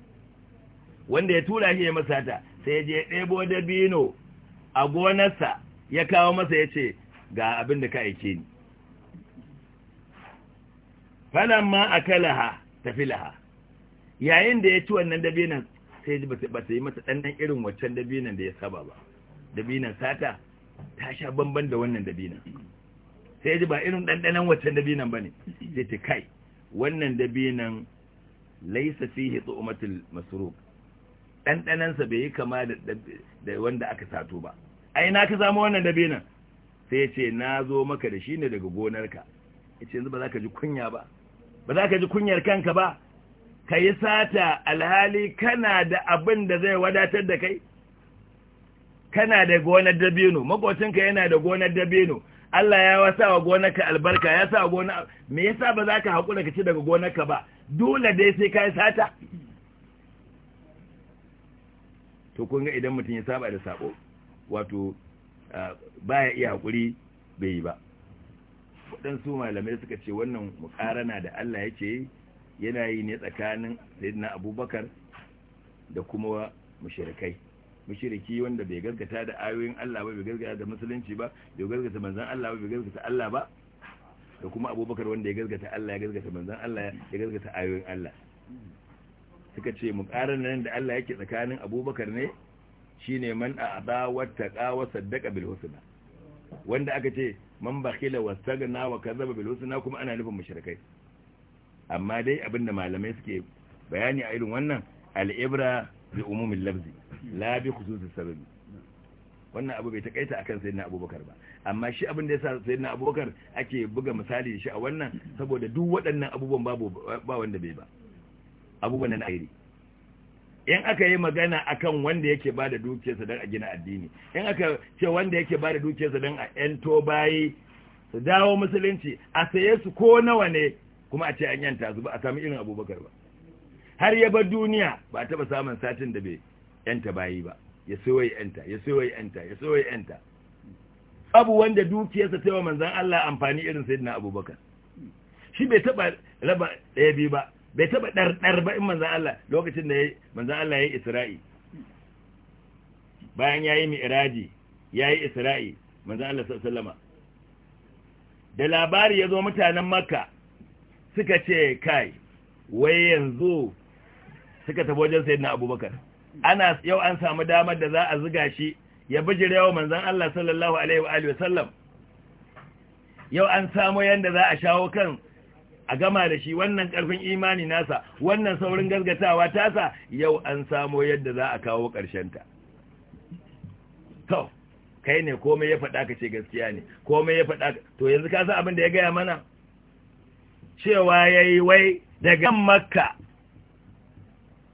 S1: wanda ya tura shi ya masa ta sai ya je ɗebo dabino a gonarsa ya kawo masa ya ce ga abin da ka aike ni falamma akalaha tafilaha yayin da ya ci wannan dabinan sai ji ba ta yi masa ɗanɗan irin waccan dabinan da ya saba ba dabinan sata ta sha bamban da wannan dabinan sai ji ba irin ɗanɗanan waccan dabinan ba ne sai ta kai wannan dabinan laisa fihi masu masruf ɗanɗanansa bai yi kama da wanda aka sato ba ai na ka zama wannan dabinan sai ce na zo maka da shi ne daga gonarka ce yanzu ba za ka ji kunya ba ba za ka ji kunyar kanka ba ka yi sata alhali kana da abin da zai wadatar da kai kana da gonar dabino makocinka yana da gonar dabino Allah ya wasa wa gonarka albarka ya sa gona me yasa ba za ka haƙura ka ci daga gonarka ba dole dai sai ka yi sata to kun ga idan mutum ya saba da sako wato baya iya hakuri bai yi ba su malamai suka ce wannan mukarana da Allah ya ce yana yi ne tsakanin sayyidina abubakar da kuma mushirikai mushiriki wanda bai gaskata da ayoyin Allah ba bai gaskata da musulunci ba bai gaskata manzon Allah ba bai gaskata Allah ba da kuma abubakar wanda ya gaskata Allah ya gaskata manzon Allah ya gaskata ayoyin Allah suka ce mukaranan da Allah yake tsakanin abubakar ne shine man a'da wattaqa wa saddaqa bil husna wanda aka ce man bakhila wastagna wa kadzaba bil husna kuma ana nufin mushrikai amma dai abinda malamai suke bayani a irin wannan al-ibra bi umumin lafzi la bi khususis sababi wannan abu bai takaita akan sayyidina abubakar ba amma shi abin da yasa sayyidina abubakar ake buga misali da shi a wannan saboda duk waɗannan abubuwan babu ba wanda bai ba abubuwan nan airi in aka yi magana akan wanda yake ba da dukiyarsa don a gina addini in aka ce wanda yake ba da dukiyarsa don a yanto bayi su dawo musulunci a saye su ko nawa ne kuma a ce an yanta su ba a sami irin abubakar ba har ya bar duniya ba taba samun satin da bai yanta bayi ba ya sayo yanta ya sayo yanta ya sayo yanta abu wanda dukiyarsa ta yi wa manzan Allah amfani irin sayyidina abubakar shi bai taba raba ɗaya biyu ba bai taba ɗarɗar ba in manzan Allah lokacin da manzan Allah ya yi isra'i bayan ya yi mi'iraji ya yi isra'i manzan Allah sallama da labari ya zo mutanen makka suka ce kai wai yanzu suka tafi wajen sayid na abubakar ana yau an samu damar da za a ziga shi ya bijire wa manzan Allah sallallahu alaihi wa sallam yau an samu yadda za a shawo kan a gama da shi wannan karfin imani nasa wannan saurin gasgatawa tasa yau an samo yadda za a kawo ta. to kai ne komai ya faɗa ka ce gaskiya ne komai ya faɗa to yanzu ka san abin da ya gaya mana cewa yayi wai daga makka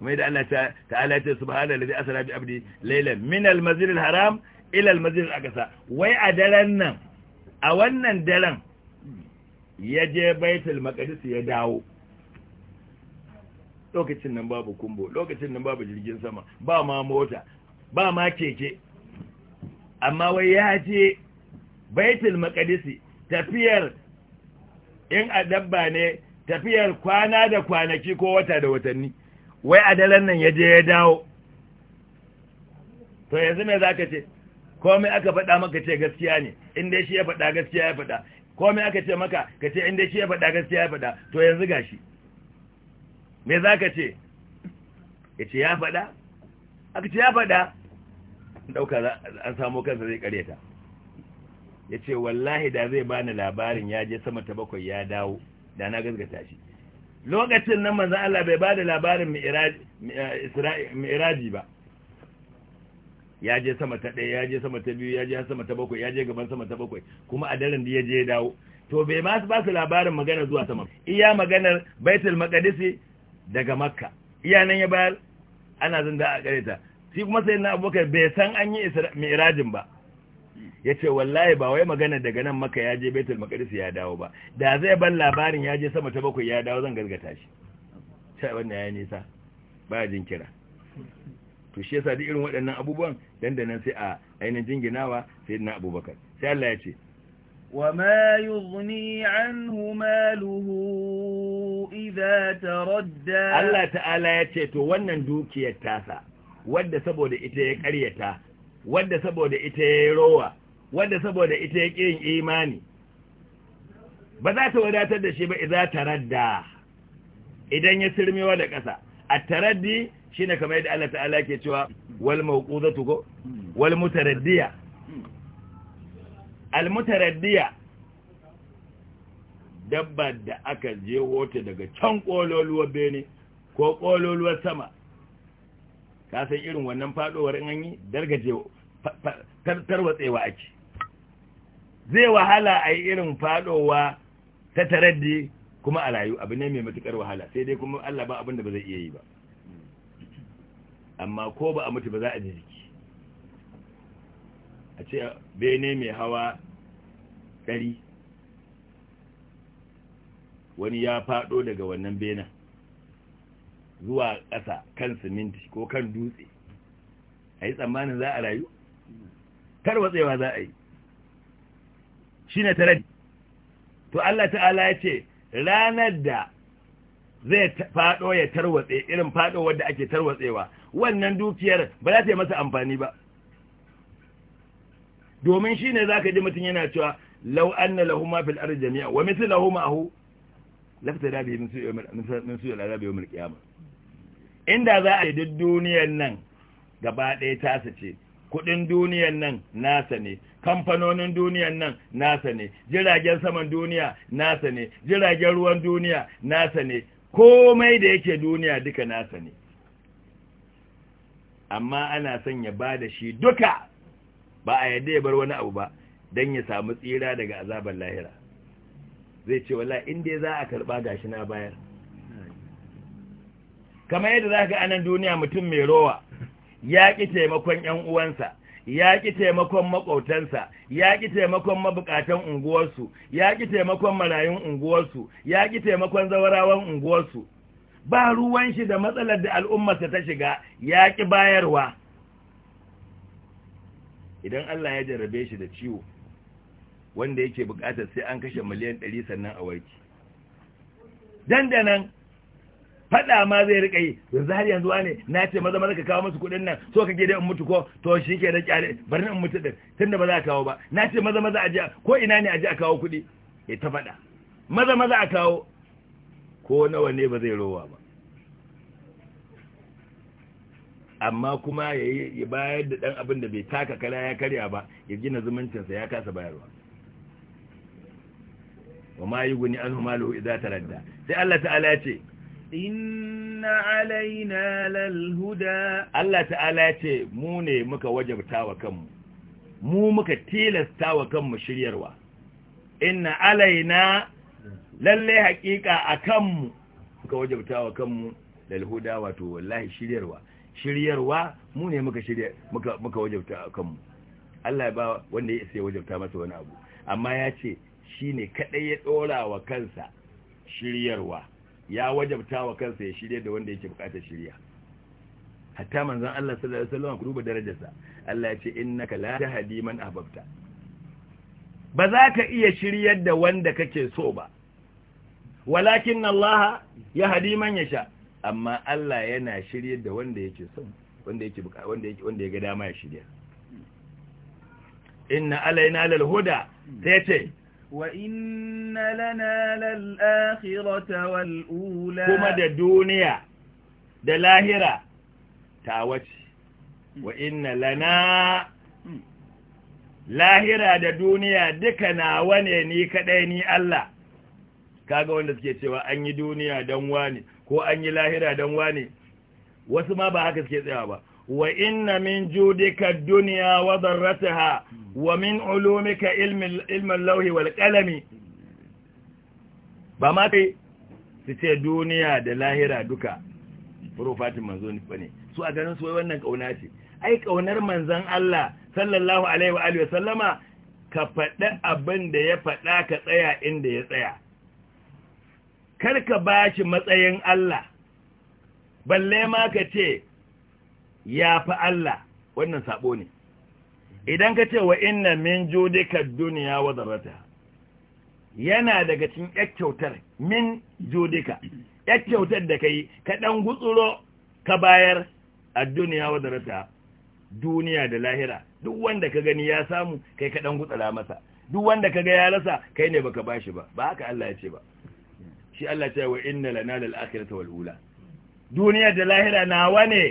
S1: mai da Allah ta'ala ce subhanahu alladhi asra bi abdi laylan min al-masjid al-haram ila al-masjid al-aqsa wai a daren nan a wannan daren ya je baitul maqdis ya dawo lokacin nan babu kumbo lokacin nan babu jirgin sama ba ma mota ba ma keke amma wai ya je baitul maqdis tafiyar in adabba ne tafiyar kwana da kwanaki ko wata da watanni wai a daren nan ya je ya dawo to yanzu me zaka ce komai aka faɗa maka ce gaskiya ne in dai shi ya faɗa gaskiya ya faɗa komai aka ce maka ka ce inda shi ya faɗa gaskiya ya faɗa to yanzu gashi me za ka ce ya ce ya faɗa aka ce ya faɗa ɗauka an samo kansa zai ƙaryata ya ce wallahi da zai bani labarin ya je sama ta bakwai ya dawo da na gaskata shi lokacin nan manzan Allah bai ba da labarin mi'iraji ba ya je sama ta ɗaya ya je sama ta biyu ya je sama ta bakwai ya je gaban sama ta bakwai kuma a daren da ya je dawo to bai ma ba su labarin magana zuwa sama iya maganar baitul maqdisi daga makka iya nan ya bayar ana zan da a kareta shi kuma sai na abubakar bai san an yi mi'rajin ba ya ce wallahi ba wai magana daga nan maka ya je baitul maqdisi ya dawo ba da zai ban labarin ya je sama ta bakwai ya dawo zan gargata shi sai wannan ya nisa ba jin kira to shi yasa duk irin waɗannan abubuwan dandanan sai a ainihin jinginawa sai na abubakar sai Allah ya ce
S2: وما يغني عنه ماله إذا Allah
S1: Ta'ala ya ce to wannan dukiyar tasa wanda saboda ita ya karyata wanda saboda ita ya rowa wanda saboda ita ya kin imani ba za ta wadatar da shi ba idza taradda idan ya sirmewa da ƙasa at-taraddi shine kamar yadda Allah ta'ala ke cewa wal mawqudatu ko wal mutaraddiya al mutaraddiya dabba da aka je wote daga can kololuwar bene ko kololuwar sama ka san irin wannan fadowar in an yi dargaje tarwatsewa ake zai wahala a yi irin fadowa ta taraddi kuma a rayu abu ne mai matukar wahala sai dai kuma Allah ba abin da ba zai iya yi ba amma ko ba a mutu ba za a ji jiki a ce bene mai hawa ɗari wani ya faɗo daga wannan benen zuwa ƙasa kan siminti ko kan dutse a yi tsammanin za a rayu tarwatsewa za a yi shi ne to Allah ta'ala ya ce ranar da zai faɗo ya tarwatse irin faɗo wadda ake tarwatsewa wannan dukiyar ba za ta yi masa amfani ba domin shi ne za ka ji mutum yana cewa lau an na ma fil arzi jami'a wa misu lahu ma hu lafta da min su yalada biyu mil kiyama inda za a yi duk duniyar nan gaba ɗaya tasa ce kudin duniyar nan nasa ne kamfanonin duniyar nan nasa ne jiragen saman duniya nasa ne jiragen ruwan duniya nasa ne komai da yake duniya duka nasa ne amma ana son ya ba da shi duka ba a yadda ya bar wani abu ba don ya samu tsira daga azabar lahira zai ce wala inda za a karba gashi na bayar kamar yadda za ga anan duniya mutum mai rowa ya ƙi taimakon ‘yan uwansa ya ƙi taimakon maƙautansa ya ƙi taimakon mabukatan unguwarsu ya ƙi taimakon marayun unguwarsu ya ƙi taimakon zawarawan unguwarsu ba ruwan shi da matsalar da al'ummarsa ta shiga ya ƙi bayarwa idan Allah ya jarrabe shi da ciwo wanda yake buƙatar sai an kashe miliyan ɗari sannan a warki dandanan faɗa ma zai riƙa yi yanzu har yanzu ne na ce maza maza ka kawo musu kuɗin nan so ka gida in mutu ko to shi ke da kyale bari in mutu din tunda ba za a kawo ba na ce maza maza a ko ina ne a a kawo kuɗi ya ta faɗa maza maza a kawo ko nawa ne ba zai rowa ba amma kuma ya bayar da ɗan abin da bai taka kala ya karya ba ya gina zumuncinsa ya kasa bayarwa wa ma yi guni an humalu iza taradda sai Allah ta'ala ce
S2: inna alaina lal huda
S1: Allah ta'ala ce mu ne muka wajabta wa kanmu mu muka tilasta wa kanmu shiryarwa inna alaina Lallai haƙiƙa a kanmu muka wajabta wa kanmu lalhuda wato wallahi shiryarwa shiryarwa mu ne muka shirya muka muka wajabta a kanmu Allah ba wanda ya sai wajabta masa wani abu amma ya ce shine kadai ya dora wa kansa shiryarwa ya wajabta wa kansa ya shirya da wanda yake bukatar shirya hatta manzon Allah sallallahu alaihi wasallam ku duba darajarsa Allah ya ce innaka la tahdi man ahbabta ba za ka iya shiryar da wanda kake so ba walakin Allah ya hadi man yasha amma Allah yana shirye da wanda yake son wanda yake wanda yake wanda ya ga dama ya shirya inna alaina lil huda sai
S2: wa inna lana lal akhirati wal ula kuma da
S1: duniya da lahira ta wace wa inna lana hmm. lahira da duniya duka nawa ne ni kadai ni Allah kaga wanda suke cewa an yi duniya dan wani ko an yi lahira dan wani wasu ma ba haka suke tsayawa ba wa inna min judika dunya wa darrataha wa min ulumika ilmi ilmin lauhi wal qalami ba ma kai su ce duniya da lahira duka profatin manzo ne bane su a ganin su wannan kauna ce ai kaunar manzon Allah sallallahu alaihi wa alihi wa sallama ka faɗa abin da ya faɗa ka tsaya inda ya tsaya karka ba shi matsayin Allah balle ma ka ce ya fi Allah wannan sabo ne idan ka ce wa inna min ka duniya wa zarrata yana daga cikin kyautar min judika kyautar da yi, ka ɗan gutsuro ka bayar a duniya wa zarrata duniya da lahira duk wanda ka gani ya samu kai ka ɗan gutsura masa duk wanda ka ga ya rasa kai ne baka bashi ba ba haka Allah ya ce ba shi Allah ta wa inna lana lal akhirata wal ula duniya da lahira nawa ne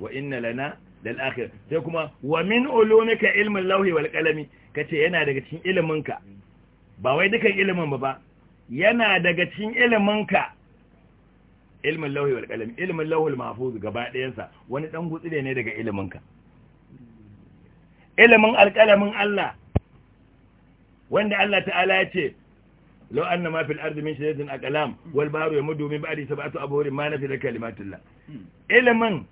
S1: wa inna lana lal akhirah sai kuma wa min ulumika ilmin lauhi wal qalami kace yana daga cikin iliminka ba wai dukan ilimin ba ba yana daga cikin iliminka ilmin lauhi wal qalami ilmin lauhul mahfuz gaba ɗayansa wani dan gutsire ne daga iliminka ilimin alƙalamin Allah wanda Allah ta'ala ya ce law anna ma fil ardi min shay'in aqlam wal baru yamudu min ba'di sab'atu abhurin ma nafi kalimatullah ilmin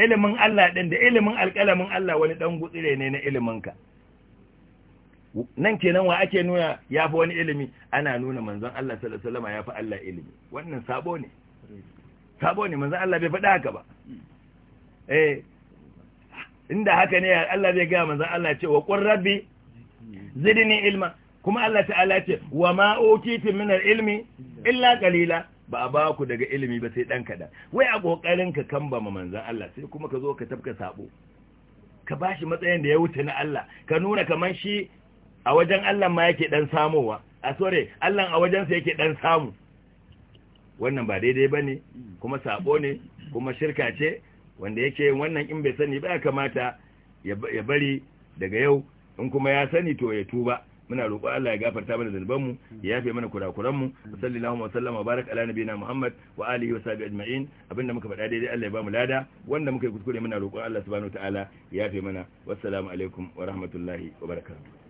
S1: ilimin Allah din da ilimin alqalamin Allah wani dan gutsire ne na ilimin ka nan kenan wa ake nuna yafi wani ilimi ana nuna manzon Allah sallallahu alaihi wasallam yafi Allah ilimi wannan sabo ne sabo ne manzon Allah bai faɗa haka ba eh inda haka ne Allah zai ga manzon Allah cewa qur rabbi zidini ilma kuma Allah ta'ala ce wa ma utitu min ilmi illa qalila ba a ba ku daga ilimi ba sai dan kada wai a kokarin ka kamba ma manzon Allah sai kuma ka zo ka tafka sabo ka bashi matsayin da ya wuce na Allah ka nuna kaman shi a wajen Allah ma yake dan samowa a sore Allah a wajensa yake dan samu wannan ba daidai bane kuma sabo ne kuma shirka ce wanda yake wannan in bai sani ba kamata ya bari daga yau in kuma ya sani to ya tuba muna roƙo Allah ya gafarta mana zanubanmu ya yafe mana kurakuranmu sallallahu wa sallama barak ala nabiyina muhammad wa alihi wa sahbihi ajma'in abinda muka faɗa daidai Allah ya bamu lada wanda muka yi kuskure muna roƙo Allah subhanahu wa ta'ala ya yafe mana wassalamu alaikum wa rahmatullahi wa barakatuh